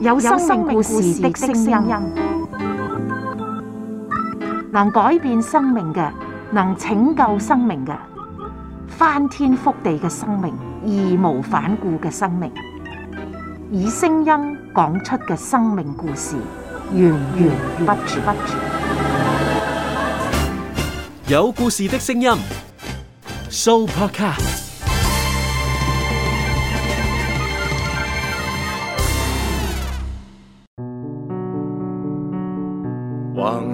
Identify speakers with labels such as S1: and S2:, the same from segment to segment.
S1: 有生命故事的聲音，能改變生命嘅，能拯救生命嘅，翻天覆地嘅生命，義無反顧嘅生命，以聲音講出嘅生命故事，源源不絕。有故事的聲音，Supercar。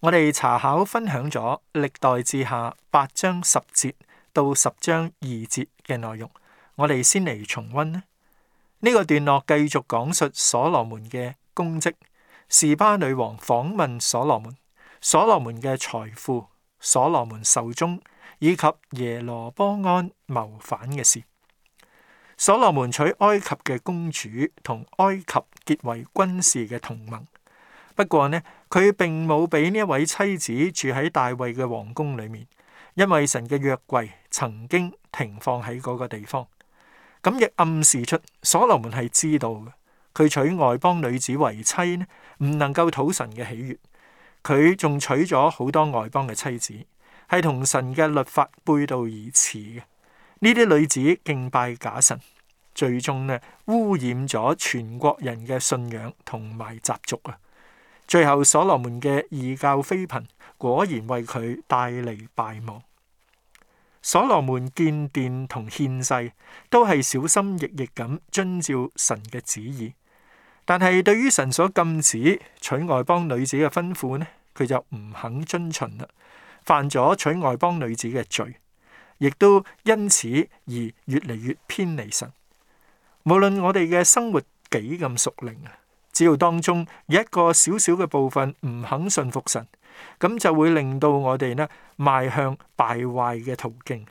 S1: 我哋查考分享咗歷代志下八章十節到十章二節嘅內容，我哋先嚟重溫呢呢個段落。繼續講述所羅門嘅功績，示巴女王訪問所羅門，所羅門嘅財富，所羅門壽終以及耶羅波安謀反嘅事。所羅門娶埃及嘅公主，同埃及結為軍事嘅同盟。不過呢，佢並冇俾呢一位妻子住喺大衛嘅皇宮裏面，因為神嘅約櫃曾經停放喺嗰個地方，咁亦暗示出所羅門係知道嘅。佢娶外邦女子為妻呢，唔能夠討神嘅喜悅。佢仲娶咗好多外邦嘅妻子，係同神嘅律法背道而馳嘅。呢啲女子敬拜假神，最終呢，污染咗全國人嘅信仰同埋習俗啊！最後，所羅門嘅異教妃嬪果然為佢帶嚟敗亡。所羅門建殿同獻世都係小心翼翼咁遵照神嘅旨意，但係對於神所禁止娶外邦女子嘅吩咐呢，佢就唔肯遵循啦，犯咗娶外邦女子嘅罪，亦都因此而越嚟越偏離神。無論我哋嘅生活幾咁熟靈啊！只要當中有一個小小嘅部分唔肯信服神，咁就會令到我哋呢邁向敗壞嘅途徑。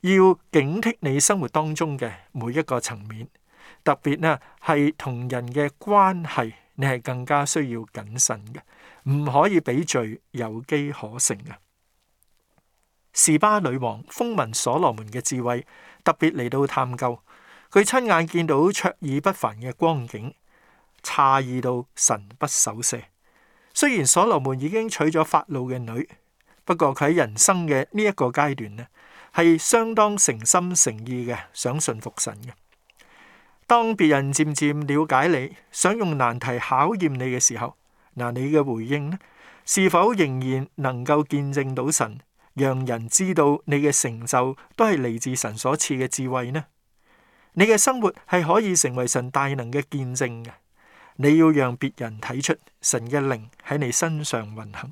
S1: 要警惕你生活當中嘅每一個層面，特別呢係同人嘅關係，你係更加需要謹慎嘅，唔可以俾罪有機可乘嘅。示巴女王風聞所羅門嘅智慧，特別嚟到探究，佢親眼見到卓爾不凡嘅光景。詫異到神不守舍。雖然所羅門已經娶咗法老嘅女，不過佢喺人生嘅呢一個階段呢係相當誠心誠意嘅，想順服神嘅。當別人漸漸了解你，想用難題考驗你嘅時候，嗱，你嘅回應呢？是否仍然能夠見證到神，讓人知道你嘅成就都係嚟自神所賜嘅智慧呢？你嘅生活係可以成為神大能嘅見證嘅。你要讓別人睇出神嘅靈喺你身上運行。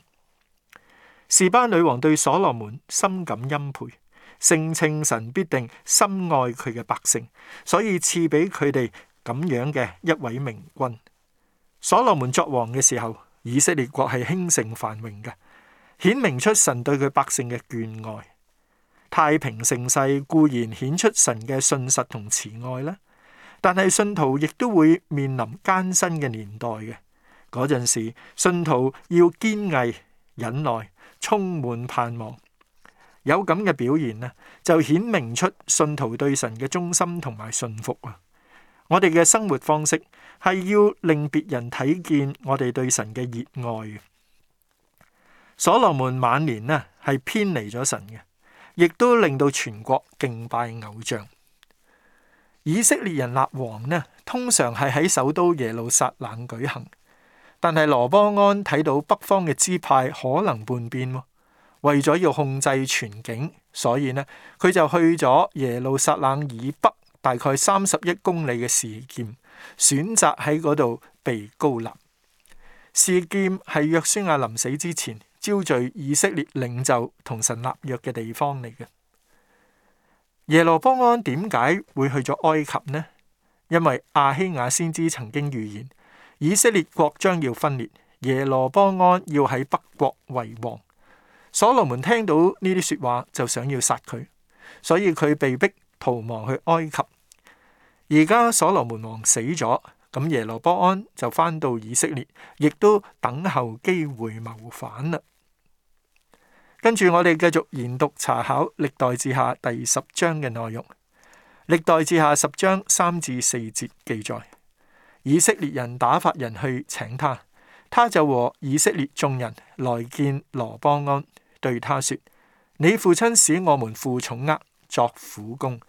S1: 示巴女王對所羅門深感欽佩，聲稱神必定深愛佢嘅百姓，所以賜俾佢哋咁樣嘅一位明君。所羅門作王嘅時候，以色列國係興盛繁榮嘅，顯明出神對佢百姓嘅眷愛。太平盛世固然顯出神嘅信實同慈愛啦。但係信徒亦都會面臨艱辛嘅年代嘅，嗰陣時信徒要堅毅、忍耐、充滿盼望，有咁嘅表現呢，就顯明出信徒對神嘅忠心同埋信服啊！我哋嘅生活方式係要令別人睇見我哋對神嘅熱愛。所羅門晚年呢，係偏離咗神嘅，亦都令到全國敬拜偶像。以色列人立王呢，通常係喺首都耶路撒冷舉行。但係羅波安睇到北方嘅支派可能叛變，哦，為咗要控制全境，所以呢，佢就去咗耶路撒冷以北大概三十一公里嘅示劍，選擇喺嗰度被膏立。示劍係約書亞臨死之前召聚以色列領袖同神立約嘅地方嚟嘅。耶羅波安點解會去咗埃及呢？因為亞希亞先知曾經預言以色列國將要分裂，耶羅波安要喺北國為王。所羅門聽到呢啲說話就想要殺佢，所以佢被迫逃亡去埃及。而家所羅門王死咗，咁耶羅波安就翻到以色列，亦都等候機會謀反啦。跟住我哋繼續研讀查考歷代志下第十章嘅內容。歷代志下十章三至四節記載，以色列人打發人去請他，他就和以色列眾人來見羅邦安，對他說：你父親使我們負重軛作苦工，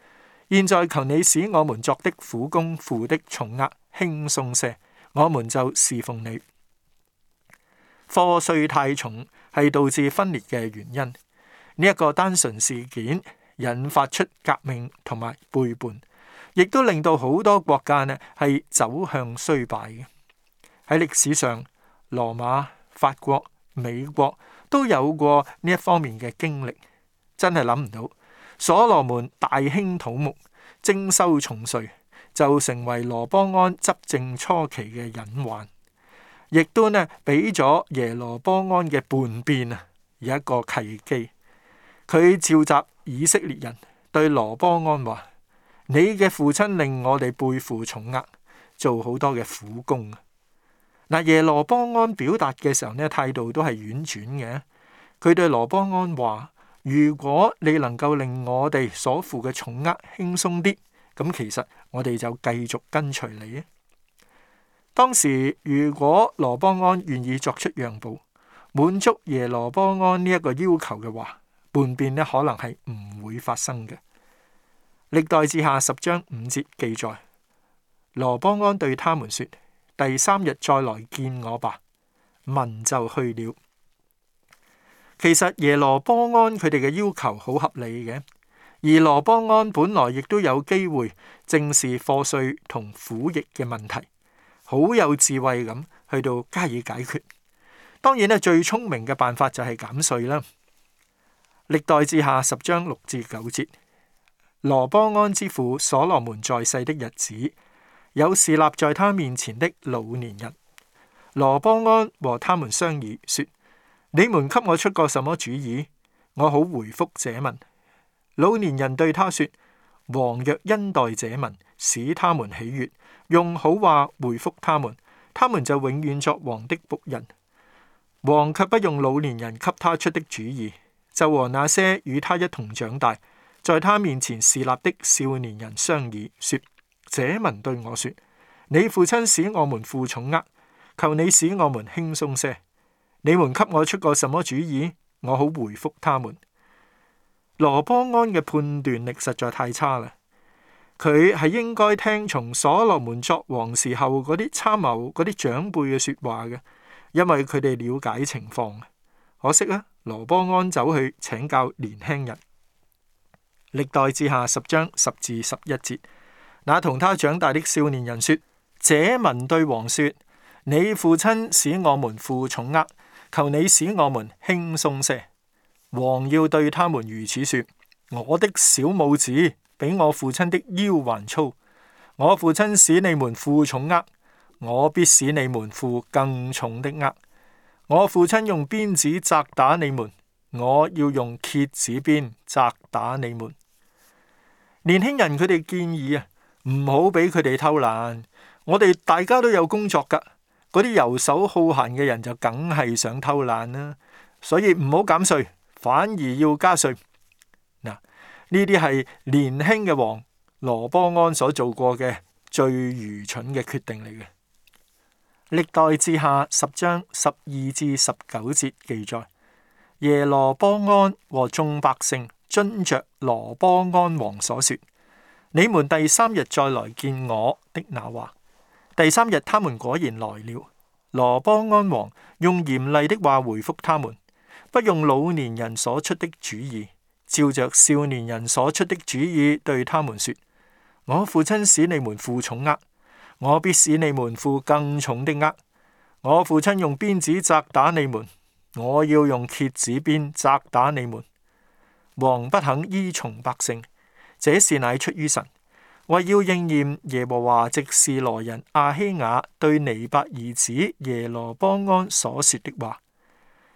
S1: 現在求你使我們作的苦工負的重軛輕鬆些，我們就侍奉你。課稅太重。係導致分裂嘅原因，呢一個單純事件引發出革命同埋背叛，亦都令到好多國家咧係走向衰敗嘅。喺歷史上，羅馬、法國、美國都有過呢一方面嘅經歷，真係諗唔到所羅門大興土木、徵收重稅，就成為羅邦安執政初期嘅隱患。亦都呢俾咗耶羅波安嘅叛變啊，有一個契機。佢召集以色列人，對羅波安話：你嘅父親令我哋背負重壓，做好多嘅苦工啊！嗱，耶羅波安表達嘅時候呢，態度都係婉轉嘅。佢對羅波安話：如果你能夠令我哋所負嘅重壓輕鬆啲，咁其實我哋就繼續跟隨你啊！當時如果羅邦安願意作出讓步，滿足耶羅邦安呢一個要求嘅話，叛變呢可能係唔會發生嘅。歷代志下十章五節記載，羅邦安對他們說：第三日再來見我吧。民就去了。其實耶羅邦安佢哋嘅要求好合理嘅，而羅邦安本來亦都有機會正視課稅同苦役嘅問題。好有智慧咁去到加以解決。當然咧，最聰明嘅辦法就係減稅啦。歷代志下十章六至九節，羅波安之父所羅門在世的日子，有侍立在他面前的老年人。羅波安和他們商議，說：你們給我出個什麼主意，我好回覆這民。老年人對他說：王若恩待這民，使他們喜悅。用好話回復他們，他們就永遠作王的僕人。王卻不用老年人給他出的主意，就和那些與他一同長大，在他面前侍立的少年人商議，說：，這民對我說，你父親使我們負重軛，求你使我們輕鬆些。你們給我出個什麼主意，我好回復他們。羅波安嘅判斷力實在太差啦。佢係應該聽從所羅門作王時候嗰啲參謀、嗰啲長輩嘅說話嘅，因為佢哋了解情況。可惜啊，羅波安走去請教年輕人，歷代志下十章十至十一節，那同他長大的少年人說：，這民對王說，你父親使我們負重軛，求你使我們輕鬆些。王要對他們如此說：，我的小拇指。比我父親的腰還粗，我父親使你們負重軛，我必使你們負更重的軛。我父親用鞭子責打你們，我要用蠍子鞭責打你們。年輕人佢哋建議啊，唔好俾佢哋偷懶。我哋大家都有工作噶，嗰啲游手好閒嘅人就梗係想偷懶啦。所以唔好減稅，反而要加稅。呢啲係年輕嘅王羅波安所做過嘅最愚蠢嘅決定嚟嘅。歷代志下十章十二至十九節記載：耶羅波安和眾百姓遵着羅波安王所說，你們第三日再來見我的那話，第三日他們果然來了。羅波安王用嚴厲的話回覆他們：不用老年人所出的主意。照着少年人所出的主意，對他們說：我父親使你們負重軛，我必使你們負更重的軛。我父親用鞭子責打你們，我要用蠍子鞭責打你們。王不肯依從百姓，這事乃出於神，為要應驗耶和華藉示羅人亞希雅對尼伯兒子耶羅波安所說的話。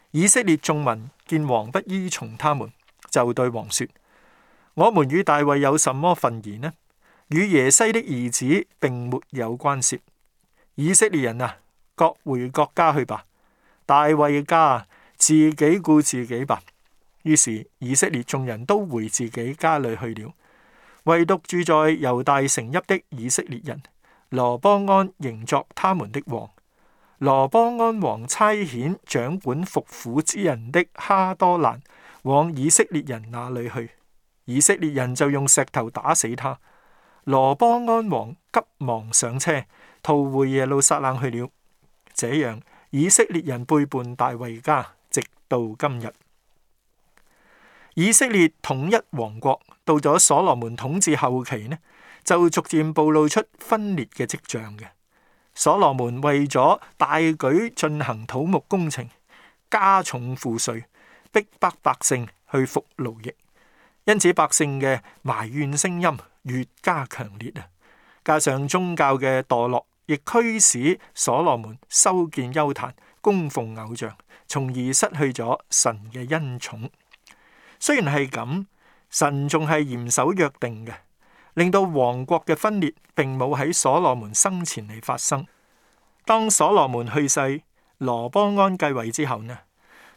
S1: 以色列眾民見王不依從他們。就對王說：我們與大衛有什麼分兒呢？與耶西的兒子並沒有關涉。以色列人啊，各回各家去吧。大衛家啊，自己顧自己吧。於是以色列眾人都回自己家裏去了。唯獨住在猶大城邑的以色列人，羅波安仍作他們的王。羅波安王差遣掌管服苦之人的哈多蘭。往以色列人那裏去，以色列人就用石頭打死他。羅邦安王急忙上車，逃回耶路撒冷去了。這樣以色列人背叛大衛家，直到今日。以色列統一王國到咗所羅門統治後期呢，就逐漸暴露出分裂嘅跡象嘅。所羅門為咗大舉進行土木工程，加重賦稅。逼迫百姓去服奴役，因此百姓嘅埋怨聲音越加強烈啊！加上宗教嘅墮落，亦驅使所羅門修建丘壇、供奉偶像，從而失去咗神嘅恩寵。雖然係咁，神仲係嚴守約定嘅，令到王國嘅分裂並冇喺所羅門生前嚟發生。當所羅門去世，羅邦安繼位之後呢，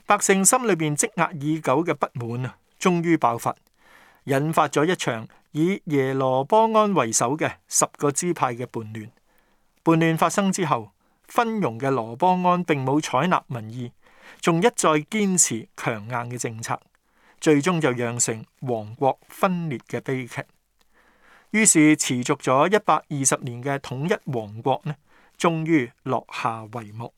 S1: 百姓心裏邊積壓已久嘅不滿啊，終於爆發，引發咗一場以耶羅波安為首嘅十個支派嘅叛亂。叛亂發生之後，昏庸嘅羅波安並冇採納民意，仲一再堅持強硬嘅政策，最終就釀成王國分裂嘅悲劇。於是持續咗一百二十年嘅統一王國呢，終於落下帷幕，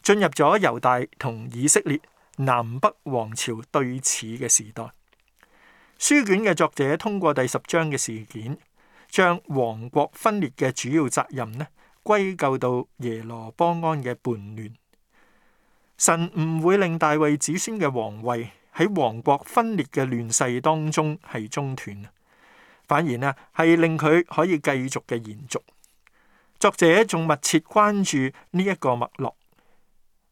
S1: 進入咗猶大同以色列。南北王朝對峙嘅時代，書卷嘅作者通過第十章嘅事件，將王國分裂嘅主要責任呢，歸咎到耶羅波安嘅叛亂。神唔會令大衛子孫嘅皇位喺王國分裂嘅亂世當中係中斷，反而呢係令佢可以繼續嘅延續。作者仲密切關注呢一個脈絡。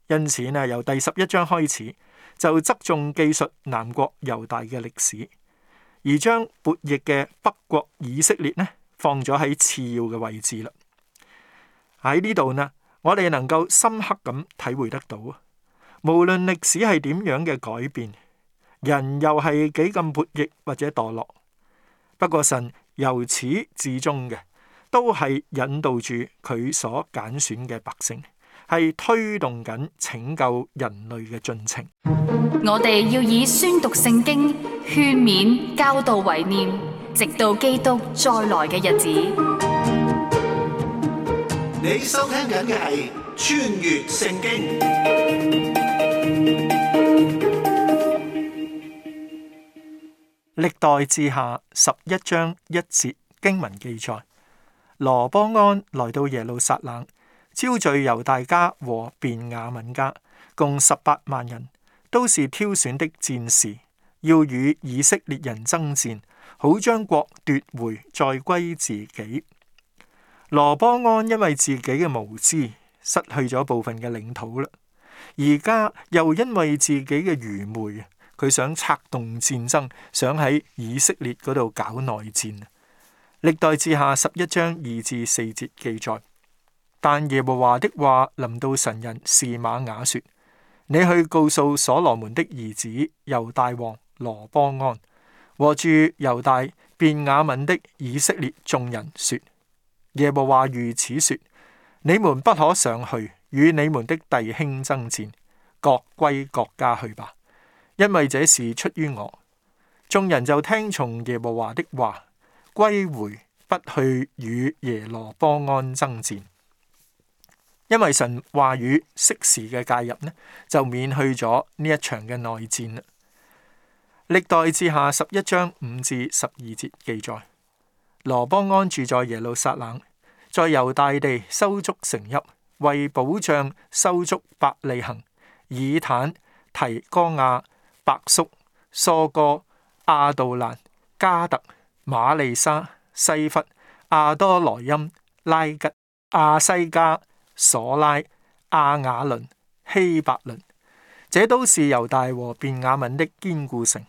S1: 因此呢，由第十一章開始就側重記述南國猶大嘅歷史，而將叛逆嘅北國以色列呢放咗喺次要嘅位置啦。喺呢度呢，我哋能夠深刻咁體會得到啊，無論歷史係點樣嘅改變，人又係幾咁叛逆或者墮落，不過神由始至終嘅都係引導住佢所揀選嘅百姓。係推動緊拯救人類嘅進程。我哋要以宣讀聖經、勸勉、教導為念，直到基督再來嘅日子。你收聽緊嘅係《穿越聖經》。歷代志下十一章一節經文記載：羅波安來到耶路撒冷。招聚猶大家和便雅憫家共十八萬人，都是挑選的戰士，要與以色列人爭戰，好將國奪回再歸自己。羅波安因為自己嘅無知，失去咗部分嘅領土啦，而家又因為自己嘅愚昧，佢想策動戰爭，想喺以色列嗰度搞內戰。歷代志下十一章二至四節記載。但耶和華的話臨到神人示瑪雅說：你去告訴所羅門的兒子猶大王羅波安和住猶大便雅憫的以色列眾人說：耶和華如此說：你們不可上去與你們的弟兄爭戰，各歸各家去吧，因為這事出於我。眾人就聽從耶和華的話，歸回，不去與耶羅波安爭戰。因為神話語適時嘅介入呢，就免去咗呢一場嘅內戰啦。歷代志下十一章五至十二節記載：羅波安住在耶路撒冷，在猶大地收足成邑，為保障收足伯利恒。」以坦、提哥亞、白縮、蘇哥、亞杜蘭、加特、瑪利沙、西弗、亞多萊因、拉吉、亞西加。索拉、亞雅倫、希伯倫，這都是猶大和便雅憫的堅固城。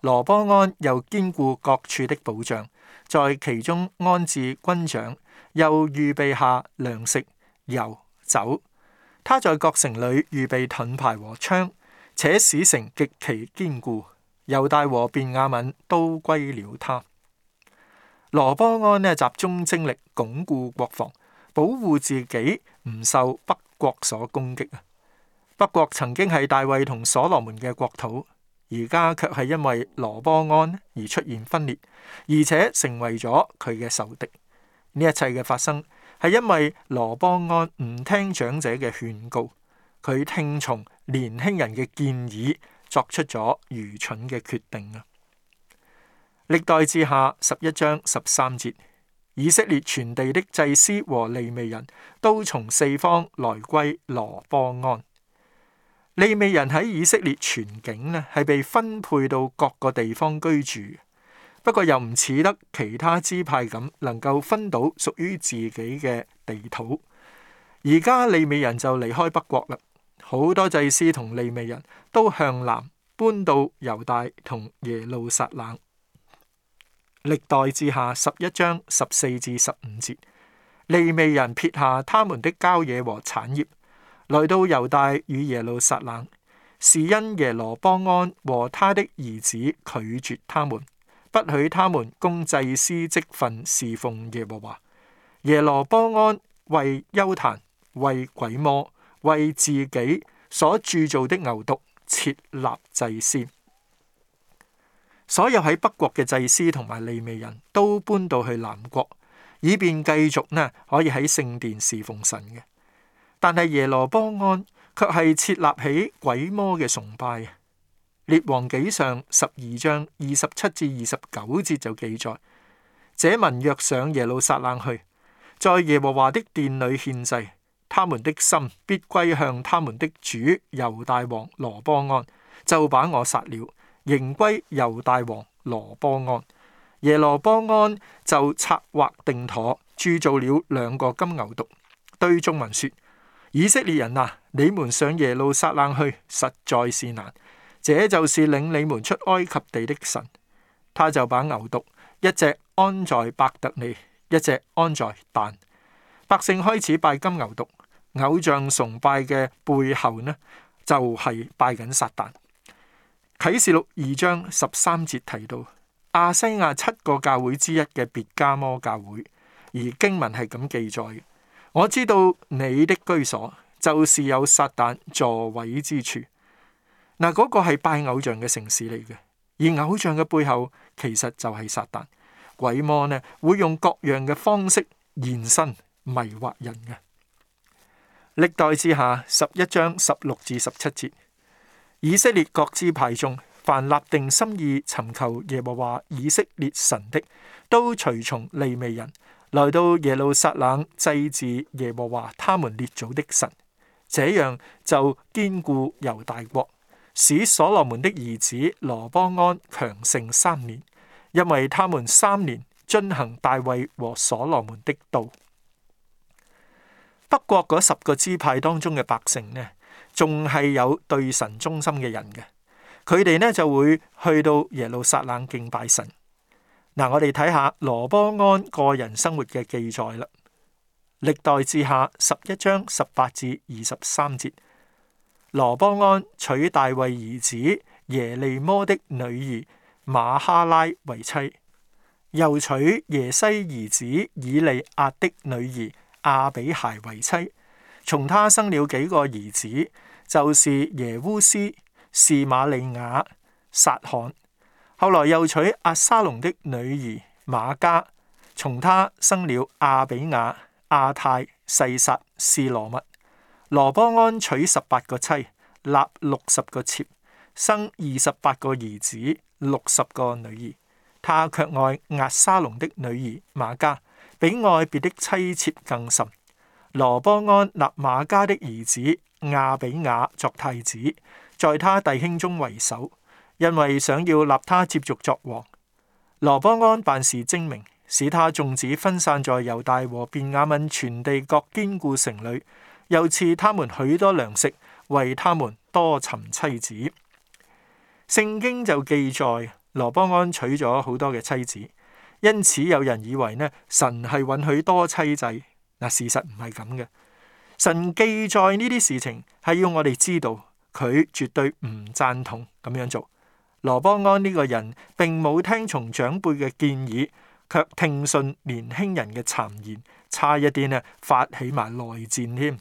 S1: 羅波安又堅固各處的保障，在其中安置軍長，又預備下糧食、油、酒。他在各城裏預備盾牌和槍，且使城極其堅固。猶大和便雅憫都歸了他。羅波安呢，集中精力鞏固國防。保護自己唔受北國所攻擊啊！北國曾經係大衛同所羅門嘅國土，而家卻係因為羅波安而出現分裂，而且成為咗佢嘅仇敵。呢一切嘅發生係因為羅波安唔聽長者嘅勸告，佢聽從年輕人嘅建議，作出咗愚蠢嘅決定啊！歷代志下十一章十三節。以色列全地的祭司和利未人都從四方來歸羅波安。利未人喺以色列全境呢，係被分配到各個地方居住，不過又唔似得其他支派咁，能夠分到屬於自己嘅地土。而家利未人就離開北國啦，好多祭司同利未人都向南搬到猶大同耶路撒冷。歷代志下十一章十四至十五節，利未人撇下他們的郊野和產業，來到猶大與耶路撒冷，是因耶羅波安和他的兒子拒絕他們，不許他們供祭司職分事奉耶和華。耶羅波安為邱壇、為鬼魔、為自己所鑄造的牛犢設立祭司。所有喺北國嘅祭司同埋利未人都搬到去南國，以便繼續呢，可以喺聖殿侍奉神嘅。但係耶羅波安卻係設立起鬼魔嘅崇拜。列王紀上十二章二十七至二十九節就記載：這民若上耶路撒冷去，在耶和華的殿裏獻祭，他們的心必歸向他們的主猶大王羅波安，就把我殺了。迎歸猶大王羅波安，耶羅波安就策劃定妥，鑄造了兩個金牛犢。對眾人說：以色列人啊，你們上耶路撒冷去，實在是難。這就是領你們出埃及地的神。他就把牛犢，一隻安在伯特利，一隻安在但。百姓開始拜金牛犢，偶像崇拜嘅背後呢，就係、是、拜緊撒旦。啟示錄二章十三節提到亞西亞七個教會之一嘅別加摩教會，而經文係咁記載：我知道你的居所就是有撒旦座位之處。嗱，嗰個係拜偶像嘅城市嚟嘅，而偶像嘅背後其實就係撒旦鬼魔呢，會用各樣嘅方式延伸迷惑人嘅。歷代志下十一章十六至十七節。以色列各支派中，凡立定心意尋求耶和華以色列神的，都隨從利未人來到耶路撒冷，祭祀耶和華他們列祖的神。這樣就堅固猶大國，使所羅門的兒子羅邦安強盛三年，因為他們三年遵行大衛和所羅門的道。北國嗰十個支派當中嘅百姓呢？仲係有對神忠心嘅人嘅，佢哋呢就會去到耶路撒冷敬拜神。嗱，我哋睇下羅波安個人生活嘅記載啦。歷代志下十一章十八至二十三節，羅波安娶大衛兒子耶利摩的女兒瑪哈拉為妻，又娶耶西兒子以利亞的女兒亞比孩為妻。從他生了幾個兒子，就是耶烏斯、士瑪利亞、撒罕。後來又娶阿沙龍的女兒瑪加，從他生了亞比亞、亞泰、細撒、示羅密。羅波安娶十八個妻，立六十個妾，生二十八個兒子，六十個女兒。他卻愛阿沙龍的女兒瑪加，比愛別的妻妾更甚。羅波安立瑪迦的兒子亞比雅作太子，在他弟兄中為首，因為想要立他接續作王。羅波安辦事精明，使他眾子分散在猶大和便雅憫全地各堅固城裏，又賜他們許多糧食，為他們多尋妻子。聖經就記載羅波安娶咗好多嘅妻子，因此有人以為呢，神係允許多妻制。嗱，事實唔係咁嘅。神記載呢啲事情係要我哋知道，佢絕對唔贊同咁樣做。羅波安呢個人並冇聽從長輩嘅建議，卻聽信年輕人嘅讒言，差一啲啊發起埋內戰添。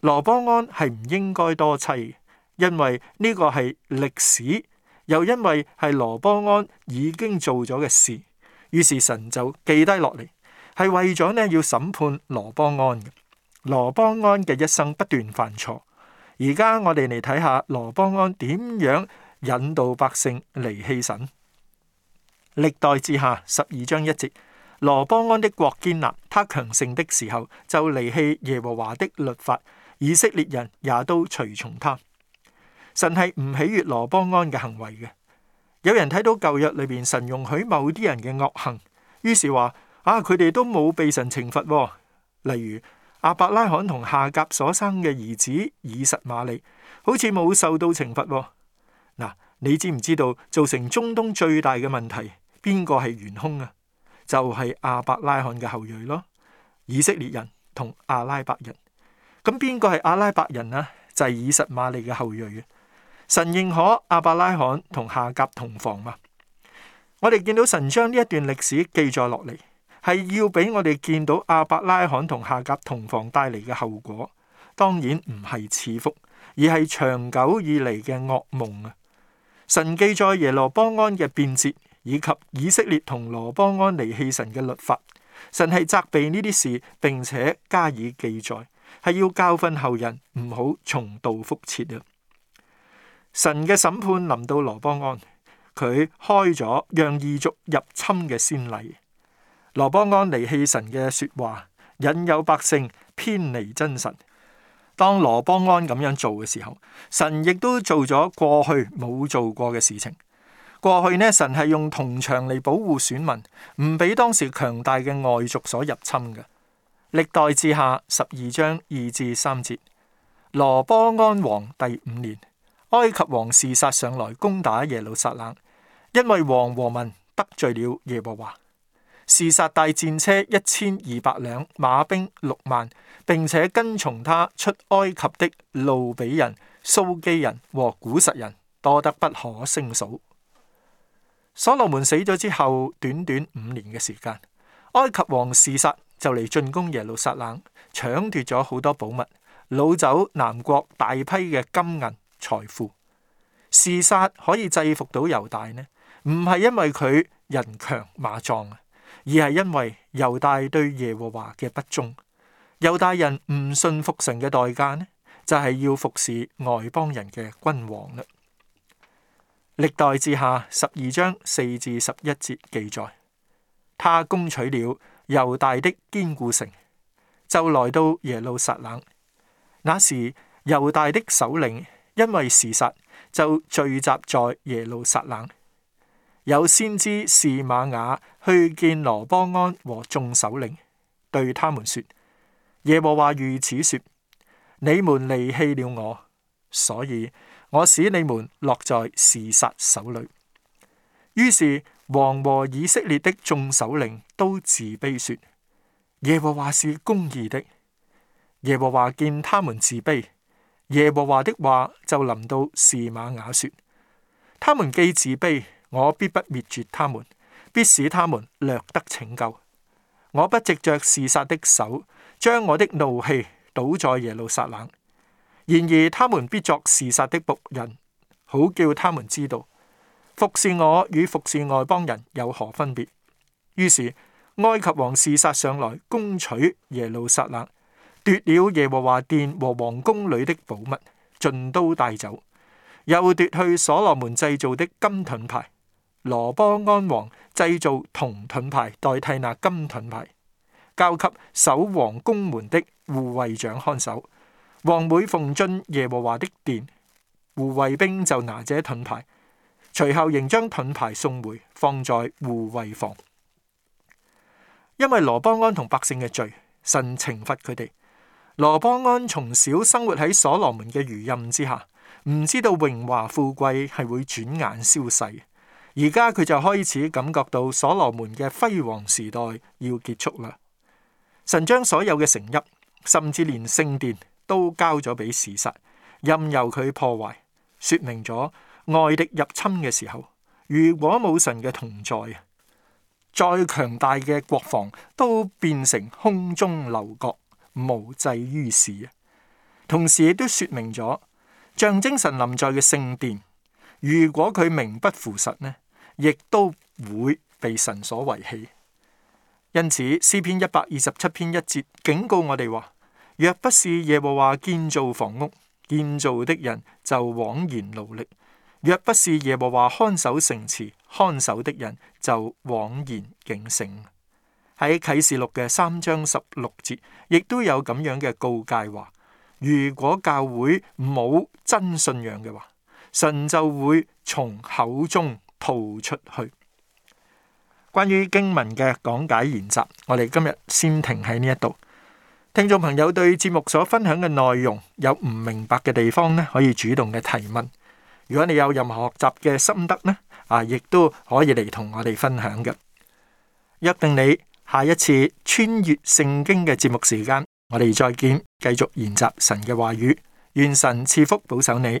S1: 羅波安係唔應該多妻，因為呢個係歷史，又因為係羅波安已經做咗嘅事，於是神就記低落嚟。係為咗咧，要審判羅邦安嘅。羅邦安嘅一生不斷犯錯。而家我哋嚟睇下羅邦安點樣引導百姓離棄神。歷代志下十二章一節：羅邦安的國堅立，他強盛的時候，就離棄耶和華的律法，以色列人也都隨從他。神係唔喜悦羅邦安嘅行為嘅。有人睇到舊約裏邊神容許某啲人嘅惡行，於是話。啊！佢哋都冇被神懲罰，哦，例如阿伯拉罕同夏甲所生嘅兒子以實瑪利，好似冇受到懲罰，哦。嗱，你知唔知道造成中東最大嘅問題，邊個係元凶啊？就係阿伯拉罕嘅後裔咯，以色列人同阿拉伯人。咁邊個係阿拉伯人啊？就係以實瑪利嘅後裔。神認可阿伯拉罕同夏甲同房嘛？我哋見到神將呢一段歷史記載落嚟。係要俾我哋見到亞伯拉罕同夏甲同房帶嚟嘅後果，當然唔係賜福，而係長久以嚟嘅噩夢啊！神記載耶羅波安嘅變節，以及以色列同羅波安離棄神嘅律法，神係責備呢啲事，並且加以記載，係要教訓後人唔好重蹈覆轍啊！神嘅審判臨到羅波安，佢開咗讓異族入侵嘅先例。羅邦安離棄神嘅說話，引誘百姓偏離真神。當羅邦安咁樣做嘅時候，神亦都做咗過去冇做過嘅事情。過去呢，神係用銅牆嚟保護選民，唔俾當時強大嘅外族所入侵嘅。歷代志下十二章二至三節，羅邦安王第五年，埃及王示撒上來攻打耶路撒冷，因為王和民得罪了耶和華。示撒帶戰車一千二百輛，馬兵六萬，並且跟從他出埃及的路比人、蘇基人和古實人多得不可勝數。所羅門死咗之後，短短五年嘅時間，埃及王示撒就嚟進攻耶路撒冷，搶奪咗好多寶物，擄走南國大批嘅金銀財富。示撒可以制服到猶大呢？唔係因為佢人強馬壯而係因為猶大對耶和華嘅不忠，猶大人唔信服神嘅代價呢，就係、是、要服侍外邦人嘅君王啦。歷代志下十二章四至十一節記載，他攻取了猶大的堅固城，就來到耶路撒冷。那時猶大的首領因為事實就聚集在耶路撒冷，有先知士馬雅。去見羅波安和眾首領，對他們說：耶和華如此說：你們離棄了我，所以我使你們落在示殺手裏。於是王和以色列的眾首領都自卑說：耶和華是公義的。耶和華見他們自卑，耶和華的話就臨到示瑪雅說：他們既自卑，我必不滅絕他們。必使他們略得拯救。我不藉着示撒的手，將我的怒氣倒在耶路撒冷。然而他們必作示撒的僕人，好叫他們知道服侍我與服侍外邦人有何分別。於是埃及王示撒上來攻取耶路撒冷，奪了耶和華殿和王宮裏的寶物，盡都帶走，又奪去所羅門製造的金盾牌。羅波安王製造銅盾牌代替那金盾牌，交給守王宮門的護衛長看守。王每逢進耶和華的殿，護衛兵就拿這盾牌，隨後仍將盾牌送回，放在護衛房。因為羅波安同百姓嘅罪，神懲罰佢哋。羅波安從小生活喺所羅門嘅餘蔭之下，唔知道榮華富貴係會轉眼消逝。而家佢就開始感覺到所羅門嘅輝煌時代要結束啦。神將所有嘅城邑，甚至連聖殿都交咗俾事實，任由佢破壞，說明咗外敵入侵嘅時候，如果冇神嘅同在，再強大嘅國防都變成空中樓閣，無濟於事啊！同時亦都說明咗象徵神臨在嘅聖殿，如果佢名不符實呢？亦都會被神所遺棄，因此詩篇一百二十七篇一節警告我哋話：若不是耶和華建造房屋，建造的人就枉然勞力；若不是耶和華看守城池，看守的人就枉然警醒。喺啟示錄嘅三章十六節，亦都有咁樣嘅告誡話：如果教會冇真信仰嘅話，神就會從口中逃出去。關於經文嘅講解研習，我哋今日先停喺呢一度。聽眾朋友對節目所分享嘅內容有唔明白嘅地方呢，可以主動嘅提問。如果你有任何學習嘅心得呢，啊，亦都可以嚟同我哋分享嘅。約定你下一次穿越聖經嘅節目時間，我哋再見，繼續研習神嘅話語，願神賜福保守你。